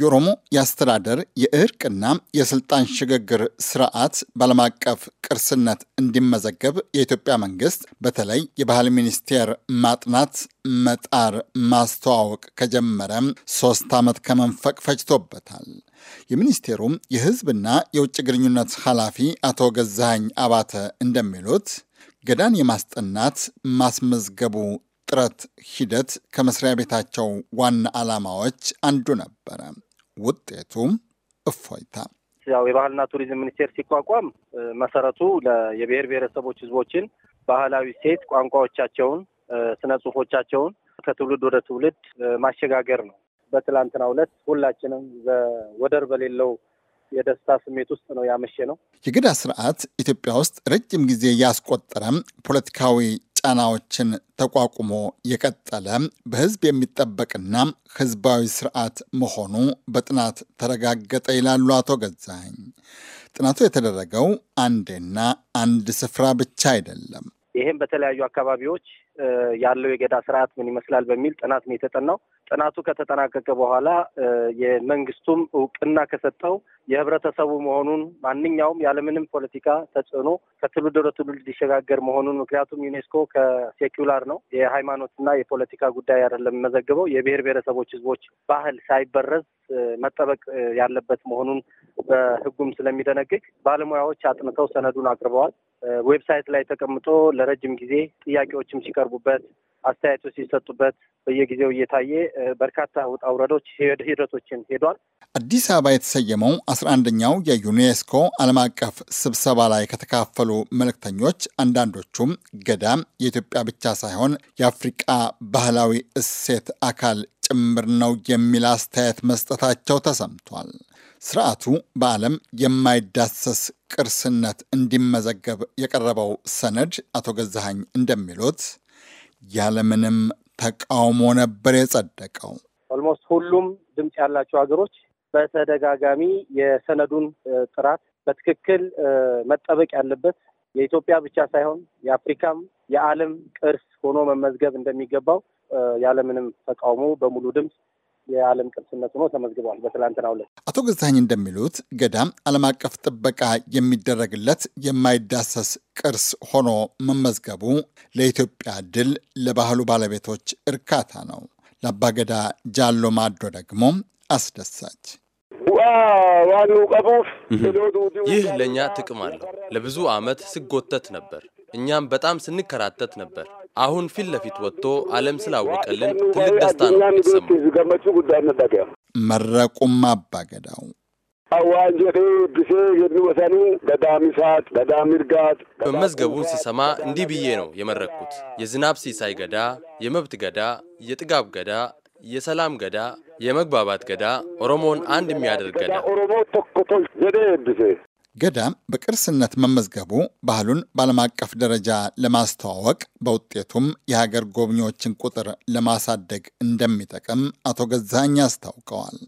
የኦሮሞ የአስተዳደር የእርቅና የስልጣን ሽግግር ስርዓት በዓለም አቀፍ ቅርስነት እንዲመዘገብ የኢትዮጵያ መንግስት በተለይ የባህል ሚኒስቴር ማጥናት፣ መጣር፣ ማስተዋወቅ ከጀመረ ሶስት ዓመት ከመንፈቅ ፈጅቶበታል። የሚኒስቴሩም የህዝብና የውጭ ግንኙነት ኃላፊ አቶ ገዛኸኝ አባተ እንደሚሉት ገዳን የማስጠናት ማስመዝገቡ ጥረት ሂደት ከመስሪያ ቤታቸው ዋና ዓላማዎች አንዱ ነበረ። ውጤቱም እፎይታ። ያው የባህልና ቱሪዝም ሚኒስቴር ሲቋቋም መሰረቱ የብሔር ብሔረሰቦች ህዝቦችን ባህላዊ ሴት ቋንቋዎቻቸውን፣ ስነ ጽሁፎቻቸውን ከትውልድ ወደ ትውልድ ማሸጋገር ነው። በትላንትናው ዕለት ሁላችንም ወደር በሌለው የደስታ ስሜት ውስጥ ነው ያመሸ ነው። የገዳ ስርዓት ኢትዮጵያ ውስጥ ረጅም ጊዜ ያስቆጠረም ፖለቲካዊ ጫናዎችን ተቋቁሞ የቀጠለ በህዝብ የሚጠበቅና ህዝባዊ ስርዓት መሆኑ በጥናት ተረጋገጠ ይላሉ አቶ ገዛኝ ጥናቱ የተደረገው አንዴና አንድ ስፍራ ብቻ አይደለም። ይህም በተለያዩ አካባቢዎች ያለው የገዳ ስርዓት ምን ይመስላል በሚል ጥናት ነው የተጠናው። ጥናቱ ከተጠናቀቀ በኋላ የመንግስቱም እውቅና ከሰጠው የህብረተሰቡ መሆኑን ማንኛውም ያለምንም ፖለቲካ ተጽዕኖ ከትውልድ ወደ ትውልድ ሊሸጋገር መሆኑን ምክንያቱም ዩኔስኮ ከሴኩላር ነው የሃይማኖትና የፖለቲካ ጉዳይ አይደለም የመዘግበው የብሔር ብሔረሰቦች ህዝቦች ባህል ሳይበረዝ መጠበቅ ያለበት መሆኑን በህጉም ስለሚደነግግ ባለሙያዎች አጥንተው ሰነዱን አቅርበዋል። ዌብሳይት ላይ ተቀምጦ ለረጅም ጊዜ ጥያቄዎችም ሲቀ ሲቀርቡበት አስተያየቶች ሲሰጡበት በየጊዜው እየታየ በርካታ ውጣ ውረዶች ሂደቶችን ሄዷል። አዲስ አበባ የተሰየመው አስራ አንደኛው የዩኔስኮ ዓለም አቀፍ ስብሰባ ላይ ከተካፈሉ መልእክተኞች አንዳንዶቹም ገዳም የኢትዮጵያ ብቻ ሳይሆን የአፍሪቃ ባህላዊ እሴት አካል ጭምር ነው የሚል አስተያየት መስጠታቸው ተሰምቷል። ስርዓቱ በዓለም የማይዳሰስ ቅርስነት እንዲመዘገብ የቀረበው ሰነድ አቶ ገዛሃኝ እንደሚሉት ያለምንም ተቃውሞ ነበር የጸደቀው። ኦልሞስት ሁሉም ድምፅ ያላቸው ሀገሮች በተደጋጋሚ የሰነዱን ጥራት በትክክል መጠበቅ ያለበት የኢትዮጵያ ብቻ ሳይሆን የአፍሪካም የዓለም ቅርስ ሆኖ መመዝገብ እንደሚገባው ያለምንም ተቃውሞ በሙሉ ድምፅ የዓለም ቅርስነት ሆኖ ተመዝግቧል። በትላንትናው ዕለት አቶ ገዛኸኝ እንደሚሉት ገዳም ዓለም አቀፍ ጥበቃ የሚደረግለት የማይዳሰስ ቅርስ ሆኖ መመዝገቡ ለኢትዮጵያ ድል፣ ለባህሉ ባለቤቶች እርካታ ነው። ለአባገዳ ጃሎ ማዶ ደግሞ አስደሳች ይህ ለእኛ ጥቅም አለው። ለብዙ ዓመት ስጎተት ነበር። እኛም በጣም ስንከራተት ነበር። አሁን ፊት ለፊት ወጥቶ ዓለም ስላወቀልን ትልቅ ደስታ ነው የተሰማው። መረቁም አባገዳው መመዝገቡን ስሰማ እንዲህ ብዬ ነው የመረቅኩት። የዝናብ ሲሳይ ገዳ፣ የመብት ገዳ፣ የጥጋብ ገዳ፣ የሰላም ገዳ፣ የመግባባት ገዳ፣ ኦሮሞን አንድ የሚያደርግ ገዳ ገዳም በቅርስነት መመዝገቡ ባህሉን በዓለም አቀፍ ደረጃ ለማስተዋወቅ በውጤቱም የሀገር ጎብኚዎችን ቁጥር ለማሳደግ እንደሚጠቅም አቶ ገዛኝ አስታውቀዋል።